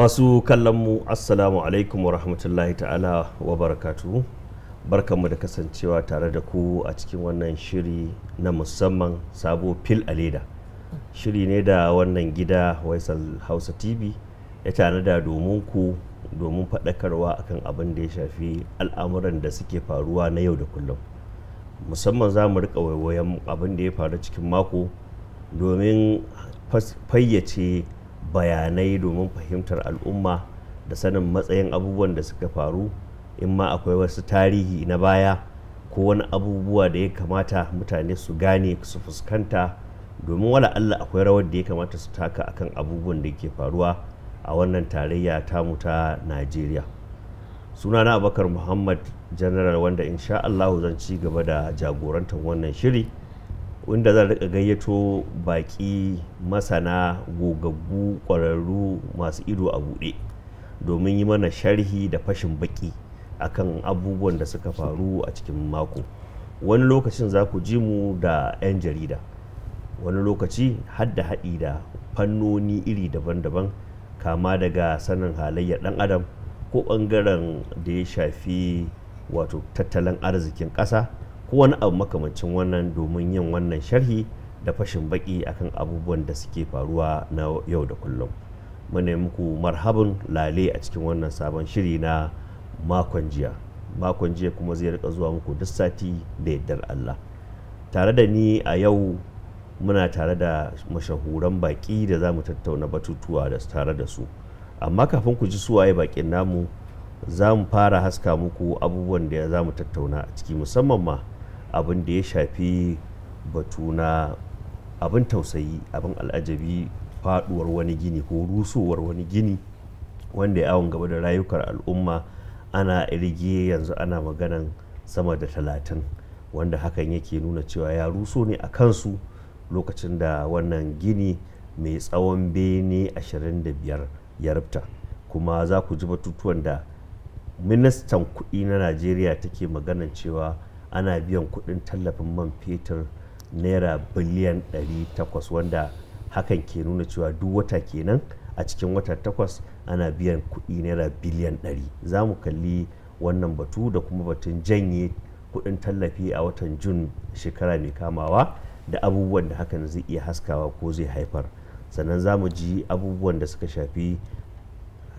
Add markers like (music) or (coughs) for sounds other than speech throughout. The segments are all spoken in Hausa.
masu mu assalamu alaikum wa rahmatullahi ta'ala wa barakatu barkanmu da kasancewa tare da ku a cikin wannan shiri na musamman sabo fil a leda shiri ne da wannan gida waisal hausa tv ya tanada domin ku domin faɗakarwa akan abin da ya shafi al'amuran da suke faruwa na yau da kullum musamman za mu rika waiwayen abin da ya faru cikin mako domin fayyace bayanai domin fahimtar al'umma da sanin matsayin abubuwan da suka faru in ma akwai wasu tarihi na baya ko wani abubuwa da ya kamata mutane su gane su fuskanta domin wala Allah akwai rawar da ya kamata su taka akan abubuwan da ke faruwa a wannan tarayya tamu ta Najeriya. na abakar Muhammad General wanda insha Allahu zan ci gaba da jagorantar wannan shiri. wanda zan rika gayyato baki masana gogaggu ƙwararru masu ido a buɗe domin yi mana sharhi da fashin baki akan abubuwan da suka faru a cikin mako wani lokacin za ku ji mu da 'yan jarida wani lokaci hadda haɗi da fannoni iri daban-daban kama daga sanin halayya ɗan adam ko ɓangaren da ya shafi wato tattalin arzikin ƙasa ko wani abu makamancin wannan domin yin wannan sharhi da fashin baki akan abubuwan da suke faruwa na yau da kullum muna muku marhaban lale a cikin wannan sabon shiri na makon jiya makon jiya kuma zai rika zuwa muku duk sati da yardar Allah tare da ni a yau muna tare da mashahuran baki da za mu tattauna batutuwa da tare da su amma kafin ku ji suwaye bakin namu za mu fara haska muku abubuwan da za mu tattauna a ciki musamman ma abin da ya shafi batu na abin tausayi abin al'ajabi faduwar wani gini ko rusowar wani gini wanda ya awon gaba da rayukar al'umma ana irge yanzu ana maganan sama da talatin wanda hakan yake nuna cewa ya ruso ne a kansu lokacin da wannan gini mai tsawon bene 25 ya rubta kuma za ku ji batutuwan da ministan kuɗi na najeriya take maganan cewa ana biyan kuɗin tallafin man fetur naira biliyan 800 wanda hakan ke nuna cewa duk wata kenan a cikin wata takwas ana biyan kuɗi naira biliyan 100 za mu kalli wannan batu da kuma batun janye kuɗin tallafi a watan jun shekara mai kamawa da abubuwan da hakan zai iya haskawa ko zai haifar sannan za mu ji abubuwan da suka shafi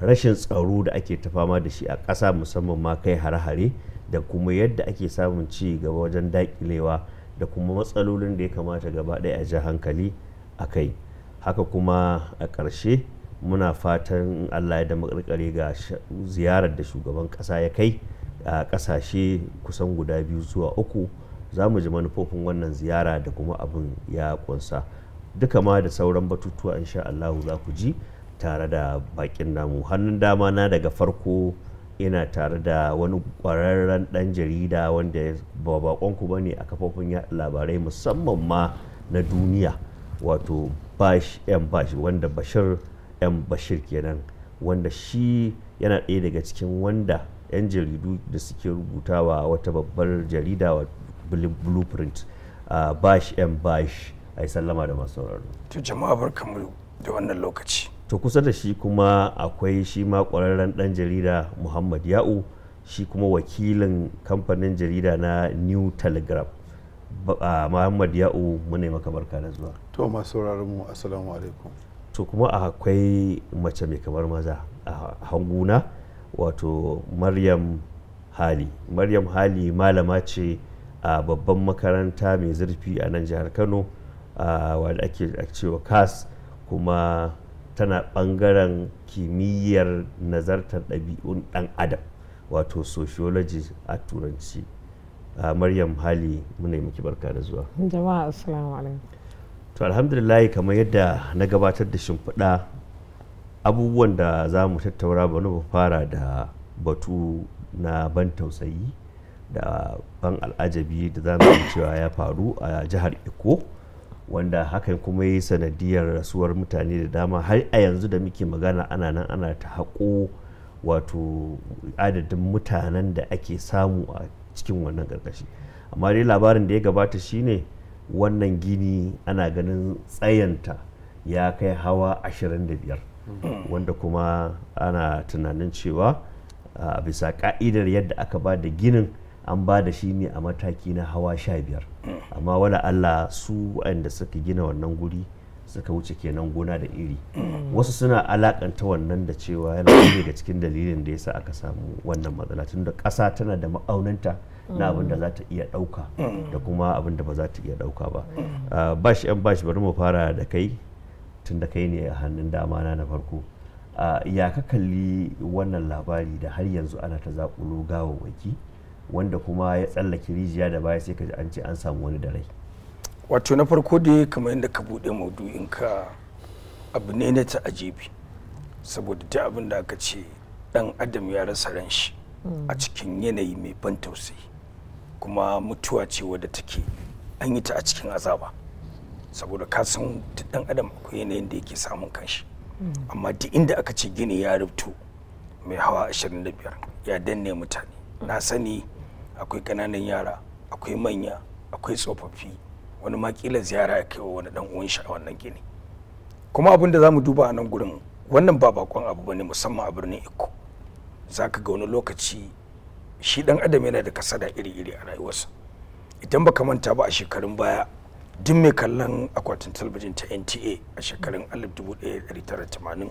rashin tsaro da ake ta fama da shi a ƙasa musamman ma kai hare-hare da kuma yadda ake samun ci gaba wajen daƙilewa da kuma matsalolin da ya kamata gaba ɗaya a ji hankali a kai haka kuma a ƙarshe muna fatan allah ya da makarkare ga ziyarar da shugaban ƙasa ya kai a ƙasashe kusan guda biyu zuwa uku za mu ji manufofin wannan ziyara da kuma abin ya kunsa duka ma da sauran batutuwa insha allahu za ku ji tare da baƙin namu hannun dama na daga farko yana tare da wani kwararren dan jarida wanda ba bakonku ba ne a kafofin yaɗa labarai musamman ma na duniya wato bash yan bash wanda bashir yan bashir kenan wanda shi yana ɗaya daga cikin wanda yan jaridu da suke rubutawa wata babbar jarida wa blueprint bash yan bash a yi sallama da masu sauraro. to jama'a barkamu da wannan lokaci. to kusa da shi kuma akwai shi ma ƙwararren ɗan jarida muhammad ya'u shi kuma wakilin kamfanin jarida na new telegraph muhammad ya'u muna maka barka da zuwa to masu mu assalamu alaikum to kuma akwai mace mai kamar maza a hanguna wato maryam hali maryam hali malama ce a babban makaranta mai zurfi a nan jihar kano wadda ake cewa kas kuma tana ɓangaren kimiyyar nazartar ɗabi'un ɗan adam wato sociology a turanci a maryam hali muna yi miki barka da zuwa jama'a assalamu alaikum to alhamdulillah kamar yadda na gabatar da shimfiɗa abubuwan da za mu tattaura bari mu fara da batu na ban tausayi da ban al'ajabi da za mu cewa ya faru a jihar eko wanda hakan kuma yi sanadiyar rasuwar mutane da dama har a yanzu da muke magana ana nan ana ta haƙo wato adadin mutanen da ake samu a cikin wannan ƙarƙashi amma dai labarin da ya gabata shine wannan gini ana ganin tsayanta ya kai hawa 25 wanda kuma ana tunanin cewa a bisa ka'idar yadda aka ba da ginin an ba da shi ne a mataki na hawa sha biyar amma wala allah su waɗanda suka gina wannan guri suka wuce kenan gona da iri wasu suna alakanta wannan da cewa yana ga cikin dalilin da yasa aka samu wannan matsala tun da ƙasa tana da ma'aunanta na abin da za ta iya ɗauka da kuma abin da ba za ta iya ɗauka ba ah, bashi yan bashi bari mu fara da kai tun da kai ne a hannun dama na na farko ah, ya ka kalli wannan labari da har yanzu ana ta zaƙulo waki. wanda kuma ya tsallake rijiya da baya sai ka ji an ce an samu wani da rai wato na farko da dai kamar yadda ka buɗe maudu'inka abu ne na ta'ajibi saboda ta abin da aka ce dan adam ya rasa ran shi a cikin yanayi mai ban tausayi kuma mutuwa ce wadda take an yi ta a cikin azaba saboda ka san duk dan adam akwai yanayin da yake samun kanshi amma duk inda aka ce gini ya rubuto mai hawa 25 ya danne mutane na sani akwai ƙananan yara akwai manya akwai tsofaffi wani ma kila ziyara ya kai wa wani dan uwan shi a wannan gini kuma abin da zamu duba a nan gurin wannan ba bakon abu bane musamman a birnin Iko zaka ga wani lokaci shi dan adam yana da kasada iri-iri a rayuwarsa idan baka manta ba a shekarun baya duk mai kallon akwatin talabijin ta NTA a shekarun 1980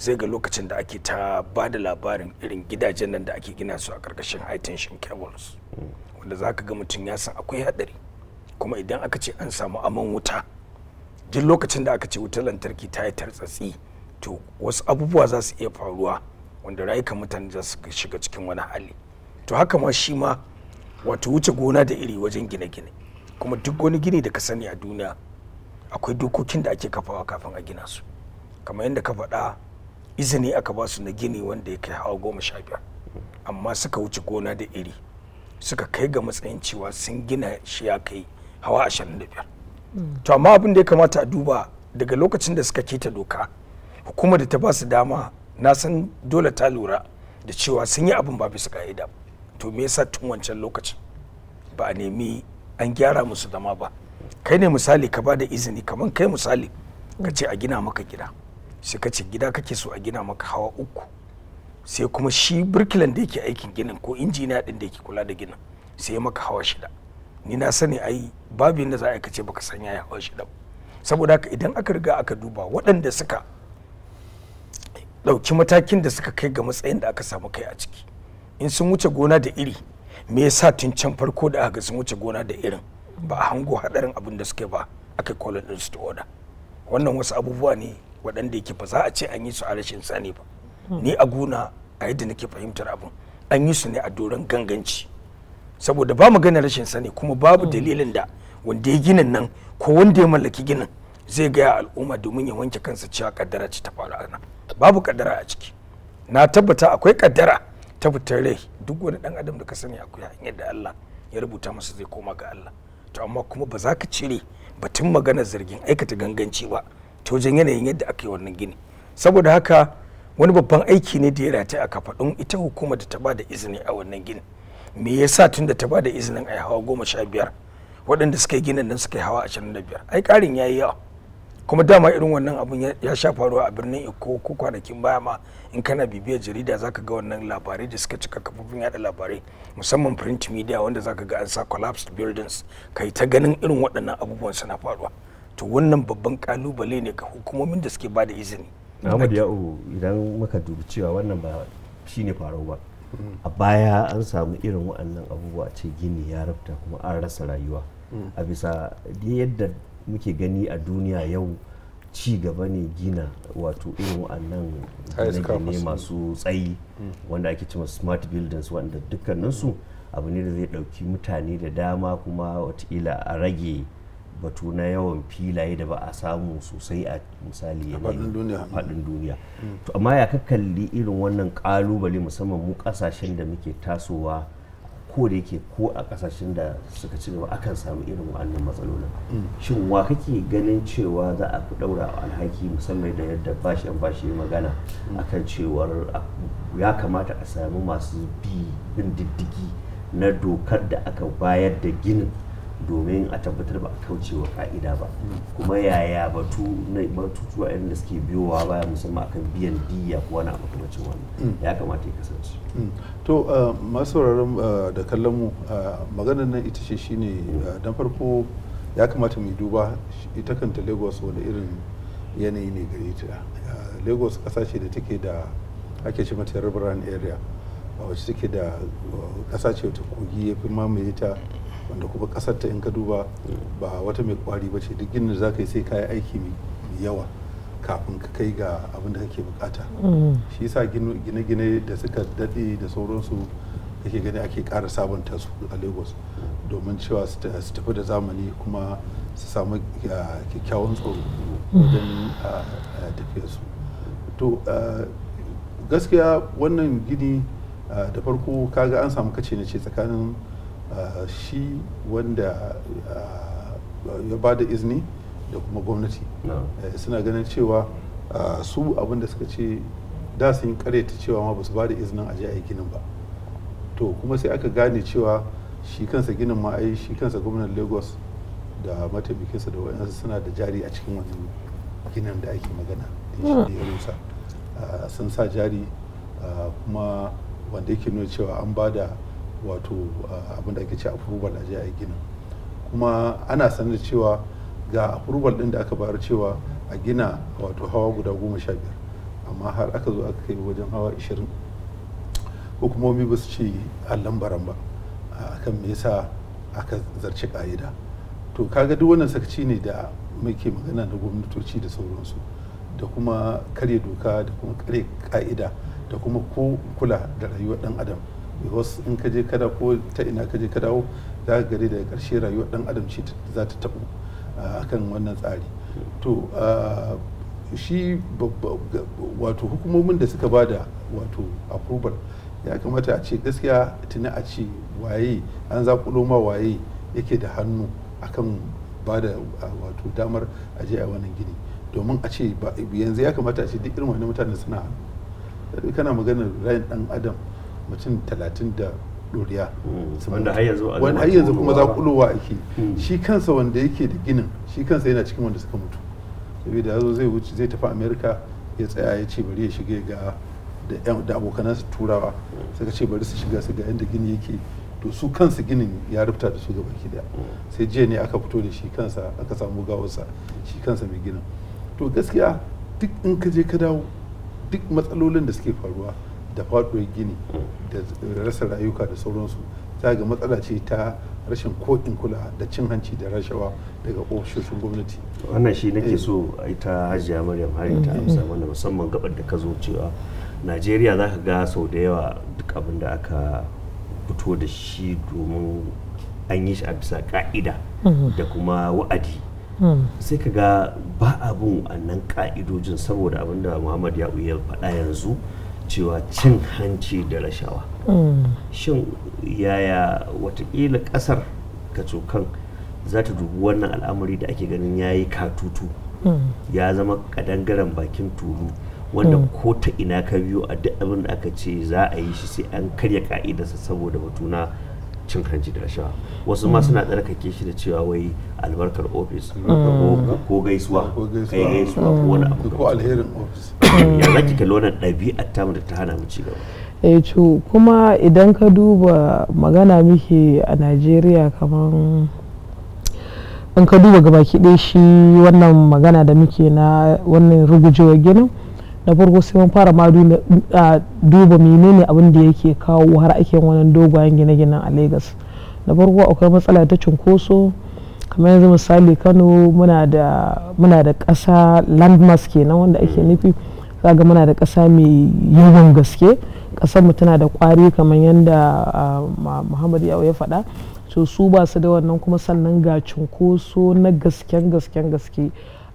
Zai ga lokacin da ake ta ba da labarin irin gidajen nan da ake gina su a ƙarƙashin high tension cables wanda za ka ga mutum ya san akwai haɗari kuma idan aka ce an samu aman wuta duk lokacin da aka ce wutar lantarki ta yi tartsatsi to wasu abubuwa za su iya faruwa wanda rayukan mutane za su shiga cikin wani hali to haka ma shi ma wato wuce gona da iri wajen gine-gine kuma duk wani gini da ka sani a duniya akwai dokokin da ake kafawa kafin a gina su kamar yadda ka faɗa izini aka ba su na gini wanda ya kai hawa goma sha biyar amma suka wuce gona da iri suka kai ga matsayin cewa sun gina shi ya kai hawa ashirin da biyar to amma abin da ya kamata a duba daga lokacin da suka keta doka hukumar da ta ba su dama na san dole ta lura da cewa sun yi abin ba bisa ka'ida to me yasa tun wancan lokacin ba a nemi an gyara musu zama ba kai ne misali ka ba da izini kamar kai misali ka ce a gina maka gida sai ka ce gida kake so a gina maka hawa uku sai kuma shi birkilan da yake aikin ginin ko injiniya din da yake kula da ginin sai ya maka hawa shida ni na sani ai babu yadda za a aikace baka san ya hawa shida saboda haka idan aka riga aka duba waɗanda suka ɗauki matakin da suka kai ga matsayin da aka samu kai a ciki in sun wuce gona da iri me yasa tun can farko da aka sun wuce gona da irin ba a hango hadarin abin da suke ba aka kolon din su order wannan wasu abubuwa ne waɗanda yake ba za a ce an yi su a rashin sani ba hmm. ni a gona a yadda nake fahimtar abun an yi su ne a doron ganganci saboda ba mu gane rashin sani kuma babu hmm. dalilin da wanda ya ginin nan ko wanda ya mallaki ginin zai gaya al'umma domin ya wanke kansa cewa kaddara ce ta faru ana babu kaddara a ciki na tabbata akwai kaddara ta fitar rai duk wani dan adam da ka sani akwai hanyar da Allah ya rubuta masa zai koma ga Allah to amma kuma ba za ka cire batun magana zargin aikata ganganci ba ta wajen yanayin yadda aka yi wannan gini saboda haka wani babban aiki ne da ya rata a kafaɗun ita hukumar da ta ba da izini a wannan gini me ya sa tun da ta ba da izinin a hawa goma sha biyar waɗanda suka yi ginin nan suka yi hawa ashirin da biyar ai ƙarin ya yi yawa kuma dama irin wannan abun ya sha faruwa a birnin iko ko kwanakin baya ma in kana bibiya jarida zaka ga wannan labarai da suka cika kafofin yada labarai musamman print media wanda zaka ga an sa collapsed buildings kai ta ganin irin waɗannan abubuwan suna faruwa to wannan babban kalubale ne ga hukumomin da suke bada izini Muhammad Ya'u idan muka dubi cewa wannan ba shine farau ba a baya an samu irin waɗannan abubuwa ce gini ya rabta kuma an rasa rayuwa a bisa yadda muke gani a duniya yau ci gaba ne gina wato irin waɗannan gine masu tsayi wanda ake cewa smart buildings wanda dukkaninsu abu ne da zai ɗauki mutane da dama kuma watakila a rage batu na yawan filaye da ba a samu sosai a misali A faɗin duniya A duniya mm. to amma ya ka kalli irin wannan ƙalubale musamman mu ƙasashen da muke tasowa ko da yake ko a ƙasashen da suka ci gaba akan samu irin wannan matsalolin mm. shin wa kake ganin cewa za a fi ɗaura alhaki musamman da yadda bashi an bashi magana mm. akan cewar ya kamata a samu masu bin diddigi na dokar da aka bayar da ginin domin a tabbatar ba a kaucewa ka'ida ba kuma yaya batu na batutuwa irin da suke biyowa baya musamman akan biyan diya ko wani abu cin wani mm. ya kamata ya kasance mm. to uh, masu uh, da kallon mu uh, maganar nan ita ce shine dan farko ya kamata mu duba ita kanta lagos wani irin yanayi ne gare ta lagos kasa ce da take da ake ce mata riverine area wacce take da kasa ce ta kogi ya fi mamaye ta wanda kuma kasar ta in ka duba ba wata mai kwari ba ce duk ginin da za ka yi sai ka aiki mai yawa kafin ka kai ga abin da kake bukata mm. shi yasa gine-gine da suka daɗe da sauransu kake gani ake kara sabunta su a lagos domin cewa su tafi da zamani kuma su samu kyakkyawan tsoro mm. wajen tafiyarsu to gaskiya wannan gini da farko kaga an samu kace na ce tsakanin Eh, shi wanda eh, ya ba da izini da kuma gwamnati eh, suna ganin cewa su abinda suka ce da sun karyata cewa ma ba su ba da izinin aje a yi ginin ba to kuma sai aka gane cewa shi kansa ginin ma ai shi kansa gwamnan lagos da mataimakinsa da wayansu suna da jari a cikin wannan ginin da ake magana da ya rusa sun sa jari kuma wanda yake nuna cewa an ba da wato abin da ake ce approval a je a gina kuma ana sanar da cewa ga approval din da aka bayar cewa a gina wato hawa guda goma sha biyar amma har aka zo aka kai wajen hawa ishirin hukumomi ba su ce allan baran ba akan me yasa aka zarce ka'ida to kaga duk wannan sakaci ne da muke magana na gwamnatoci da sauransu da kuma karya doka da kuma karya ka'ida da kuma ko kula da rayuwar dan adam because in ka je kada ko ta ina ka je ka dawo za ka gari daga karshe rayuwa dan adam ce za ta a akan wannan tsari to shi wato hukumomin da suka ba da wato approval ya kamata a ce gaskiya tuni a ce waye an zakulo ma waye yake da hannu akan ba da wato damar je a wannan gini domin a ce yanzu ya kamata a ce duk irin wani mutane suna hannu kana maganar rayin dan adam mutum talatin da ɗoriya hmm. wanda har yanzu kuma za kulowa ake hmm. shi kansa wanda yake da ginin shi kansa yana cikin wanda suka mutu saboda ya zo zai wuce zai tafi amerika ya tsaya ya ce bari ya shiga ga da abokanansa turawa hmm. suka ce bari su shiga su ga yadda gini yake to su kansu ginin ya rubuta da su gaba da. sai jiya ne aka fito da shi kansa aka samu gawarsa shi kansa mai ginin to gaskiya duk in ka je ka dawo duk matsalolin da suke faruwa da faɗuwar gini da rasa rayuka da sauransu za ga matsala ce ta rashin kotun kula da cin hanci da rashawa daga ofishoshin gwamnati wannan shi nake eh. so a ita hajiya maryam hari ta mm-hmm. amsa wanda musamman gabar da ka zo cewa najeriya za ka ga sau da yawa duk abin da aka fito da shi domin an yi shi a bisa ka'ida mm-hmm. da kuma wa'adi mm. sai ka ga ba abun nan ka'idojin saboda abin da muhammad ya faɗa yanzu cewa cin hanci da rashawa mm. shin yaya watakila kasar kacokan za ta dubi wannan al'amari da ake ganin ya yi katutu mm. ya zama kadangaren bakin turu wanda mm. ko ta ina ka biyo a duk abin da aka ce za a yi shi sai an karya ka'idarsa saboda batuna. cin hanci da rashawa wasu ma mm. suna tsarkake shi da cewa wai albarkar ofis mm. ko gaisuwa kai gaisuwa ko mm. wani abu ko alherin ofis ya zaki kalli wannan ɗabi'ar tamu da ta hana mu ci gaba eh to kuma idan ka duba magana muke a Najeriya kamar in ka duba gabaki ɗaya shi wannan magana da muke na wannan rugujewar ginin na farko sai mun fara ma duba menene abin da yake kawo har ake wannan dogayen gine-ginen a Legas na farko akwai matsala ta cunkoso kamar yanzu misali Kano muna da ƙasa landmass kenan wanda ake mm. nufi ga muna da kasa mai yawan gaske ƙasar mu tana da kwari kamar yadda Muhammad Yawo ya faɗa to su ba su da wannan kuma sannan ga cunkoso na gasken gasken gaske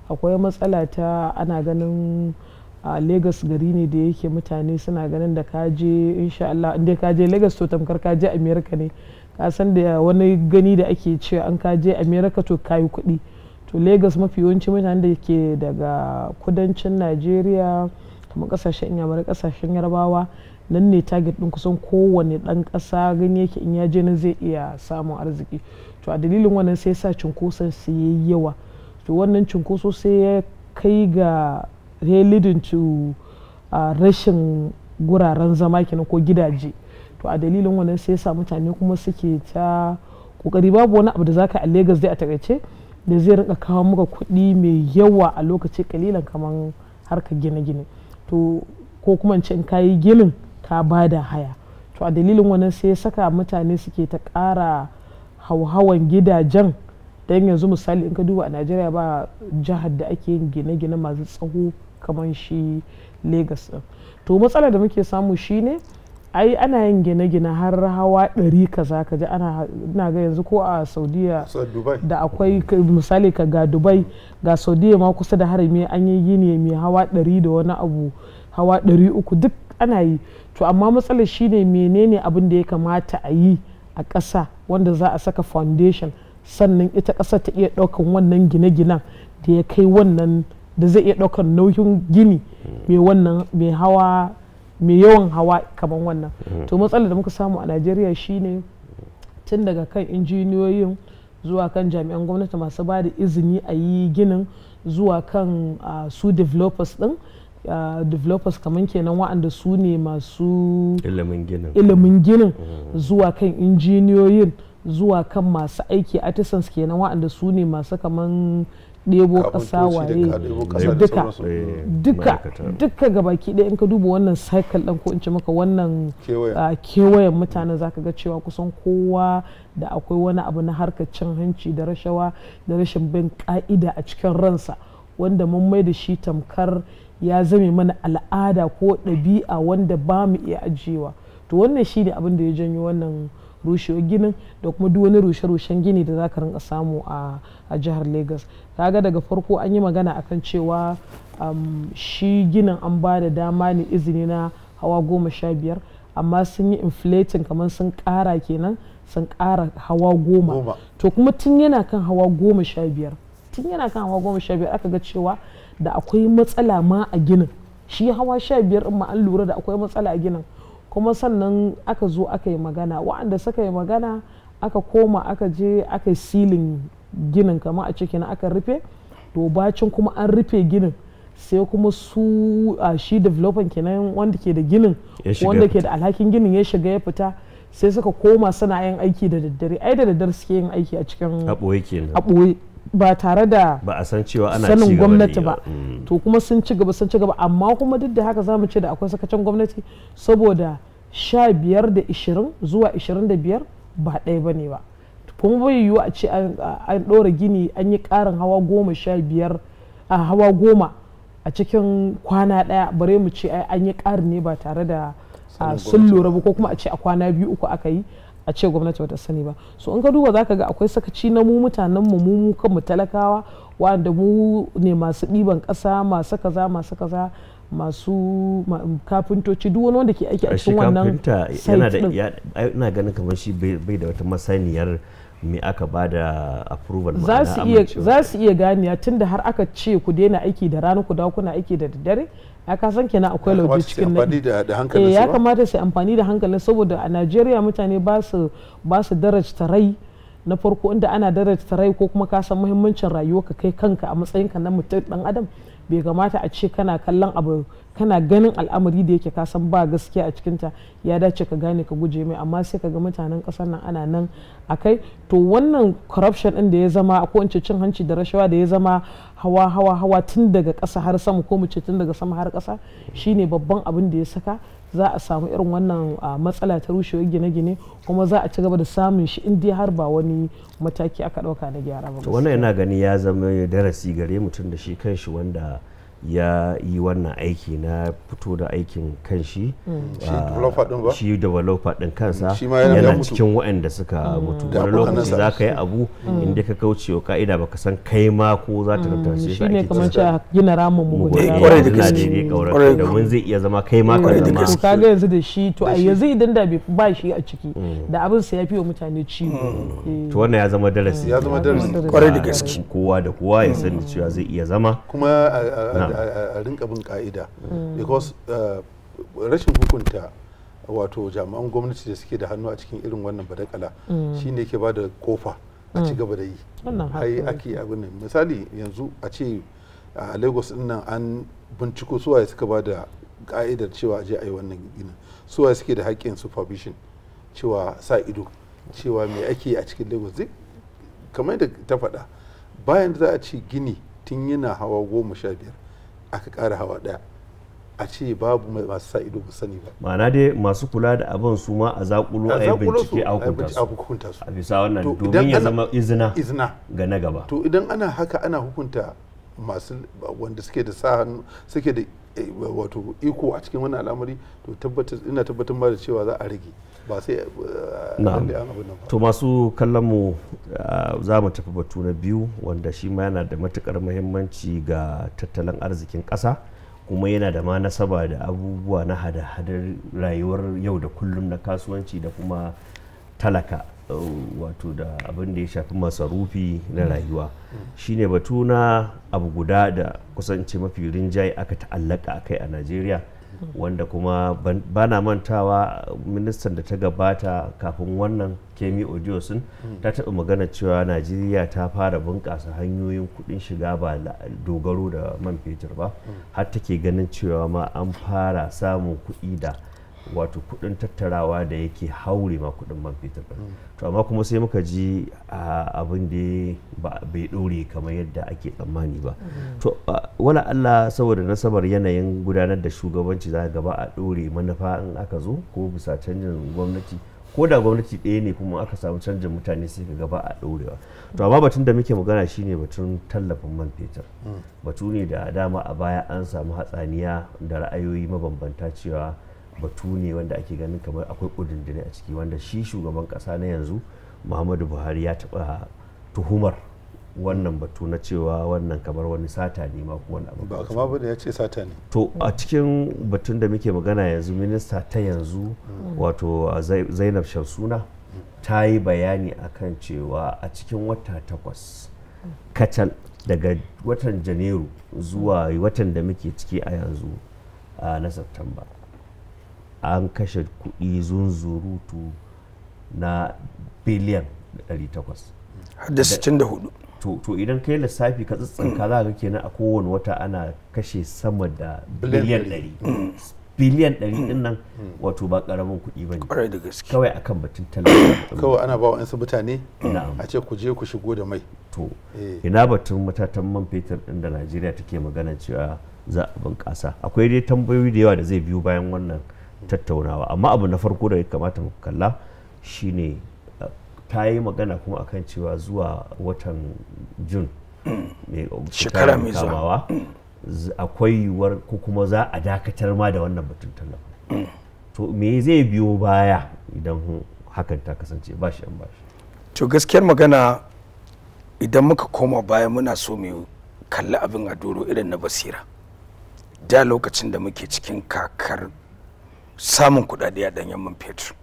akwai matsala ta ana ganin a lagos gari ne da yake mutane suna ganin da kaje insha Allah inda kaje lagos to tamkar kaje america ne ka san da wani gani da ake cewa an kaje america to kayi kuɗi to lagos mafi yawanci mutane da ke daga kudancin nigeria kamar kasashen mara kasashen yarbawa nan ne target din kusan kowane ɗan kasa gani yake in ya je na zai iya samun arziki to a dalilin wannan sai sa cunkoson su ya yawa to wannan cunkoso sai ya kai ga leading to rashin guraren zama kenan ko gidaje to a dalilin wannan sai yasa mutane kuma suke ta kokari babu wani abu da zaka a Lagos dai a takaice da zai rinka kawo muka kuɗi mai yawa a lokaci kalilan kamar harkar gine-gine to ko kuma ce in kayi ginin ka bada haya to a dalilin wannan sai ya saka mutane suke ta ƙara hauhawan gidajen don yanzu misali in ka duba a najeriya ba jihar da ake yin gine-gine masu tsawo kamar shi lagos ɗin to matsalar da muke samu shine ai ana yin gine-gine har hawa ɗari kaza ka ji ana ga yanzu ko a saudiya da akwai misali ka ga dubai ga saudiya ma kusa da harami an yi gini mai hawa ɗari da wani abu hawa ɗari uku duk ana yi to amma matsalar shine menene abin da ya kamata a yi a ƙasa wanda za a saka foundation sannan ita ƙasa ta iya ɗaukan wannan gine-ginen da ya kai wannan da zai iya ɗaukar nauyin gini mai wannan mai hawa mai yawan hawa kamar wannan mm. to matsalar da muka samu a najeriya shine tun daga kan injiniyoyin zuwa kan jami'an gwamnati masu ba da izini a yi ginin zuwa kan su developers din developers kamar kenan wa'anda su ne masu ilimin ginin mm. zuwa kan injiniyoyin zuwa kan masu aiki artisans kenan wa'anda su ne masu kaman ɗebo ƙasa waye duka eh, duka duka gabaki ɗaya in ka duba wannan cycle ɗin ko in ce maka wannan kewayen ah, mutanen zaka ga cewa kusan kowa da akwai wani abu na harkar cin hanci da rashawa da rashin bin ƙa'ida a cikin ransa wanda mun mai da shi tamkar ya zame mana al'ada ko ɗabi'a wanda ba mu iya ajiyewa to wannan shi ne abin da ya janyo wannan rushewar ginin da kuma duk wani rushe-rushen gini da za ka rinka samu a jihar lagos kaga daga farko an yi magana akan cewa um, shi ginin an ba da dama ne izini na hawa goma sha biyar amma sun yi inflating kamar sun kara kenan sun kara hawa goma to kuma tun yana kan hawa goma sha biyar tun yana kan hawa goma sha biyar aka ga cewa da akwai matsala ma a ginin shi hawa sha biyar in ma an lura da akwai matsala a ginin kuma sannan aka zo aka yi magana waɗanda suka yi magana aka koma aka je aka yi silin ginin kama a cikin aka rufe to bacin kuma an rufe ginin sai kuma su a shi developer kenan wanda ke da ginin wanda ke da alhakin ginin ya shiga ya fita sai suka koma suna yin aiki da daddare ai da daddare suke yin aiki a cikin a ɓoye ba tare da sanin gwamnati ba mm. to kuma sun ci gaba sun ci gaba amma kuma duk da haka za mu ce da akwai sakacin gwamnati saboda sha biyar da ishirin zuwa ishirin da biyar ba ɗaya ba ne ba kuma bai yiwu a ce an ɗora gini an yi ƙarin hawa goma sha biyar a hawa goma a cikin kwana ɗaya bare mu ce an yi ƙarin ne ba tare da sun lura ba ko kuma a ce a kwana biyu uku aka yi a ce gwamnati bata sani ba so in ka duba zaka ga akwai sakaci na mu mutanen mu mu kanmu talakawa wanda mu ne masu ɗiban ƙasa masu kaza masu kaza masu kafintoci duk wani wanda ke aiki a cikin wannan site din yana ganin kamar shi bai da wata masaniyar me aka ba da approval za su iya ganiya tunda har aka ce ku daina aiki da rana ku dawo kuna aiki da daddare ya ka san kenan akwai lauje cikin nan ya kamata su amfani da hankali eh, saboda a Najeriya mutane ba su ba su darajta rai na farko inda ana darajta rai ko kuma ka san muhimmancin rayuwa ka kai kanka a matsayinka na mutum dan adam bai kamata a ce kana kallon abu kana ganin al'amari da yake kasan ba gaskiya a cikinta ya dace ka gane ka guje mai amma sai ka ga mutanen ƙasar nan ana nan a kai to wannan corruption din da ya zama ko in ce cin hanci da rashawa da ya zama hawa hawa hawa tun daga ƙasa har sama ko mu ce tun daga sama har ƙasa shine babban abin da ya saka za a samu irin wannan matsala ta rushewar gine-gine kuma za a ci gaba da samun shi in dai har ba wani mataki aka ɗauka na gyara ba. to wannan yana gani ya zama darasi gare mutum da shi kanshi wanda ya yi wannan aiki na fito da aikin kan mm. shi shi developer din kansa yana cikin waɗanda suka mm. mutu wani lokaci za ka yi abu mm. inda ka kauce wa ka'ida baka san kai ma ko za ta tattashe shi ne kamar cewa gina ramin mugunta kwarai da gaske domin zai iya zama kai ma ka zama ka ga yanzu da shi to a yanzu idan da bai ba shi a ciki da abin sa ya fi wa mutane ciwo eh. to wannan ya zama darasi ya zama darasi kwarai da gaske kowa da kowa ya sani cewa zai iya zama kuma a rinka bin ka'ida because uh, rashin hukunta wato jami'an gwamnati da suke da hannu a cikin irin wannan badakala mm. shine ke ba da kofa a ci mm. gaba da yi hai ake abin nan misali yanzu a ce a lagos din nan an binciko ya suka ba da ka'idar cewa a je a yi wannan ginin suwaye suke da haƙƙin supervision cewa sa ido cewa me ake a cikin lagos zai kamar da ta faɗa bayan da za a ce gini tun yana hawa goma sha biyar aka kara hawa daya a ce babu masu sa ido sani ba ma'ana dai masu kula da abin su ma a zakulo a yi bincike a hukunta su a bisa wannan domin ya zama izina ga na gaba to idan ana haka ana hukunta masu wanda suke da sa suke da wato iko a cikin wannan al'amari to tabbatar ina tabbatar ma da cewa za a rage ba sai eh, to masu kallon mu ah, za mu tafi batu na biyu wanda shi ma yana da matukar muhimmanci ga tattalin arzikin ƙasa kuma yana da ma nasaba da abubuwa na hada-hadar rayuwar yau da kullum na kasuwanci da kuma talaka Uh, wato da abin da ya shafi masarufi na mm. rayuwa mm. shine batu na abu guda da kusanci mafi rinjaye aka ta'allaka kai a najeriya mm. wanda kuma bana mantawa ministan da ta gabata kafin wannan kemi odiosun ta taɓa magana cewa najeriya ta fara bunƙasa hanyoyin kuɗin shiga ba dogaro da man fetur ba har take ganin cewa ma an fara samun kuɗi da wato kudin tattarawa da yake haure ma kudin man fetur din to amma kuma sai muka ji abin da bai dore kamar yadda ake tsammani ba to wala Allah saboda nasabar yanayin gudanar da shugabanci za gaba a dore manufa in aka zo ko bisa canjin gwamnati ko da gwamnati ɗaya ne kuma aka samu canjin mutane sai ka gaba a ɗorewa to amma batun da muke magana shine batun tallafin man fetur batu ne da dama a baya an samu hatsaniya da ra'ayoyi mabambanta cewa batu ne wanda ake ganin kamar akwai kudindini a ciki wanda shi shugaban kasa na yanzu muhammadu buhari ya taɓa tuhumar wannan batu na cewa wannan kamar wani sata ne ma wani abu ba kama ba da ya ce sata ne to a cikin batun da muke magana yanzu minista ta yanzu mm. wato zainab shamsuna ta yi bayani a kan cewa a cikin wata takwas kacal daga watan janairu zuwa watan da muke ciki a yanzu na september an kashe kuɗi zunzurutu na biliyan 800 har da 64 to idan kai lissafi ka tsitsinka za ka kenan a kowane wata ana kashe sama da biliyan 100 biliyan 100 din mm. nan wato ba karamin kuɗi ba ne kawai akan batun talaka kawai ana ba wa'ansu mutane a ce ku je ku shigo da mai to eh. ina batun matatan man fetur din da najeriya take magana cewa za a bunƙasa akwai dai tambayoyi da yawa da zai biyo bayan wannan tattaunawa amma abu na farko da ya kamata mu kalla shine uh, ta yi magana kuma akan cewa zuwa watan jun (coughs) shekara mai zuwa akwai yiwuwar ko kuma za a dakatar ma da wannan batun tallafi to me zai biyo baya idan hakan ta kasance ba shi an ba shi to gaskiyar magana idan muka koma baya muna so mu kalli abin a doro irin na basira da lokacin da muke cikin kakar samun kuɗaɗe a ɗanyen man fetur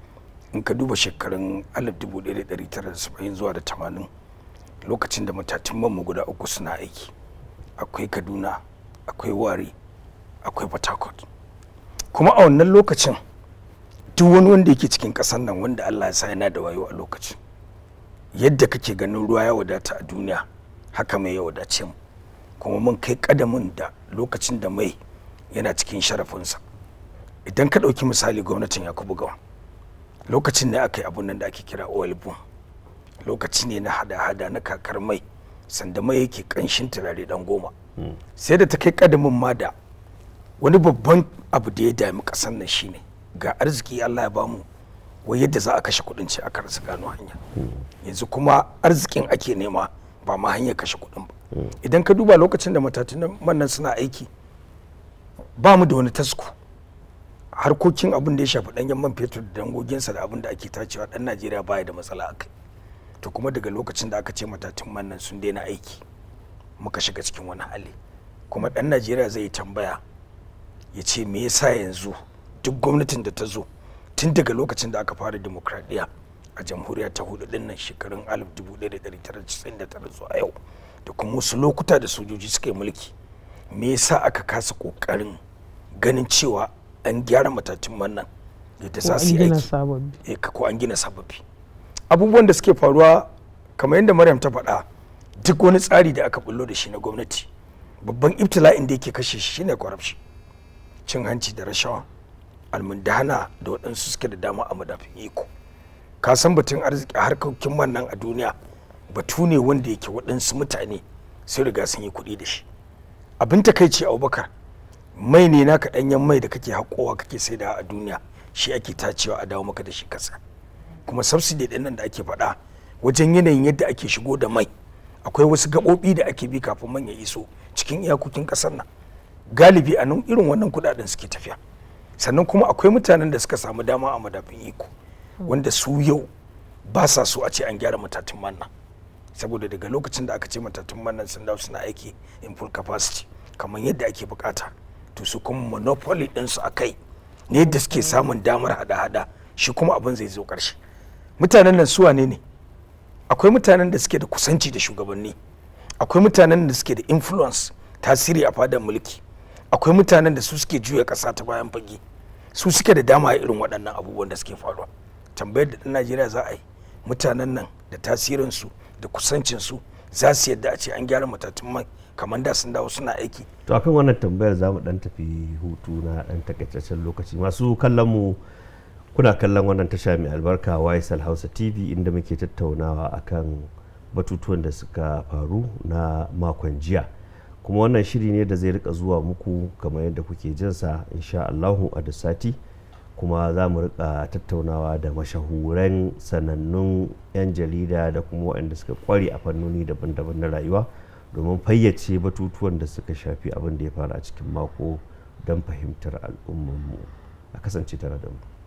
in ka duba shekarun 1970 zuwa da 80 lokacin da matatin mu guda uku suna aiki akwai kaduna akwai wari akwai port kuma a wannan lokacin duk wani wanda yake cikin ƙasar nan wanda allah ya sa yana da wayo a lokacin yadda kake ganin ruwa ya wadata a duniya haka mai ya wadace mu kuma mun kai kadamin da lokacin da mai yana cikin sharafinsa idan ka ɗauki misali gwamnatin yakubu gawa lokacin ne aka yi abun nan da ake kira oil boom lokaci ne na hada-hada na kakar mai sanda mai yake ƙanshin turare dan goma hmm. sai da ta kai kadamin ma da wani babban abu da ya dami kasan nan shine ga arziki allah ya bamu wai yadda za a kashe kuɗin ce aka rasa gano hanya hmm. yanzu kuma arzikin ake nema ba ma hanyar kashe kuɗin ba hmm. idan ka duba lokacin da matatun nan suna aiki ba mu da wani tasko harkokin abin da ya shafi ɗanyen man fetur da dangoginsa da abin da ake tacewa ɗan najeriya baya da matsala a kai to kuma daga lokacin da aka ce matatun man nan sun daina aiki muka shiga cikin wani hali kuma ɗan najeriya zai tambaya ya ce me yasa yanzu duk gwamnatin da ta zo tun daga lokacin da aka fara demokradiyya a jamhuriya ta hudu din nan shekarun 1999 zuwa yau da kuma wasu lokuta da sojoji suka yi mulki me yasa aka kasa kokarin ganin cewa an gyara matacin man nan sa su aiki eh, ko an gina sababi abubuwan da suke faruwa kamar yadda maryam ta faɗa duk wani tsari da aka bullo da shi na gwamnati babban ibtila'in da yake kashe shi shine corruption cin hanci da rashawa almundana da waɗansu suke da dama a madafin iko ka san batun arziki harkokin man a duniya batu ne wanda yake waɗansu mutane sai riga sun yi kuɗi da shi abin takaici abubakar mai ne naka danyen mai da kake haƙowa kake saida a duniya shi ake tacewa a dawo maka da shi kasa kuma subsidy din nan da ake faɗa wajen yanayin yadda ake shigo da mai akwai wasu gaɓoɓi da ake bi kafin man ya iso cikin iyakokin ƙasar nan galibi a nan irin wannan kuɗaɗen suke tafiya sannan kuma akwai mutanen da suka samu dama a madafin iko wanda su yau ba sa so a ce an gyara matatun manna saboda daga lokacin da aka ce matatun manna sun dawo suna aiki in full capacity kamar yadda ake bukata wato su kuma monopoly ɗinsu a kai ne da suke mm. samun damar hada-hada shi kuma abin zai zo ƙarshe mutanen nan su wane ne akwai mutanen da suke da kusanci da shugabanni akwai mutanen da suke da influence tasiri a fadar mulki akwai mutanen da su suke juya kasa ta bayan fage su suke da dama irin waɗannan abubuwan da suke faruwa tambayar da ɗan najeriya za a yi mutanen nan da tasirinsu da kusancinsu za su yadda a ce an gyara matatun kamar da sun dawo suna aiki to akan wannan tambayar za mu dan tafi hutu na dan takaitaccen lokaci masu kallon mu kuna kallon wannan tasha mai albarka waisal hausa tv inda muke tattaunawa akan batutuwan da suka faru na makon jiya kuma wannan shiri ne da zai rika zuwa muku kamar yadda kuke jinsa insha allahu a da sati kuma za mu rika tattaunawa da mashahuran sanannun 'yan jarida da kuma waɗanda suka kware a fannoni daban-daban na rayuwa domin fayyace batutuwan da suka shafi abin da ya faru a cikin mako don fahimtar al'ummanmu a kasance tare da mu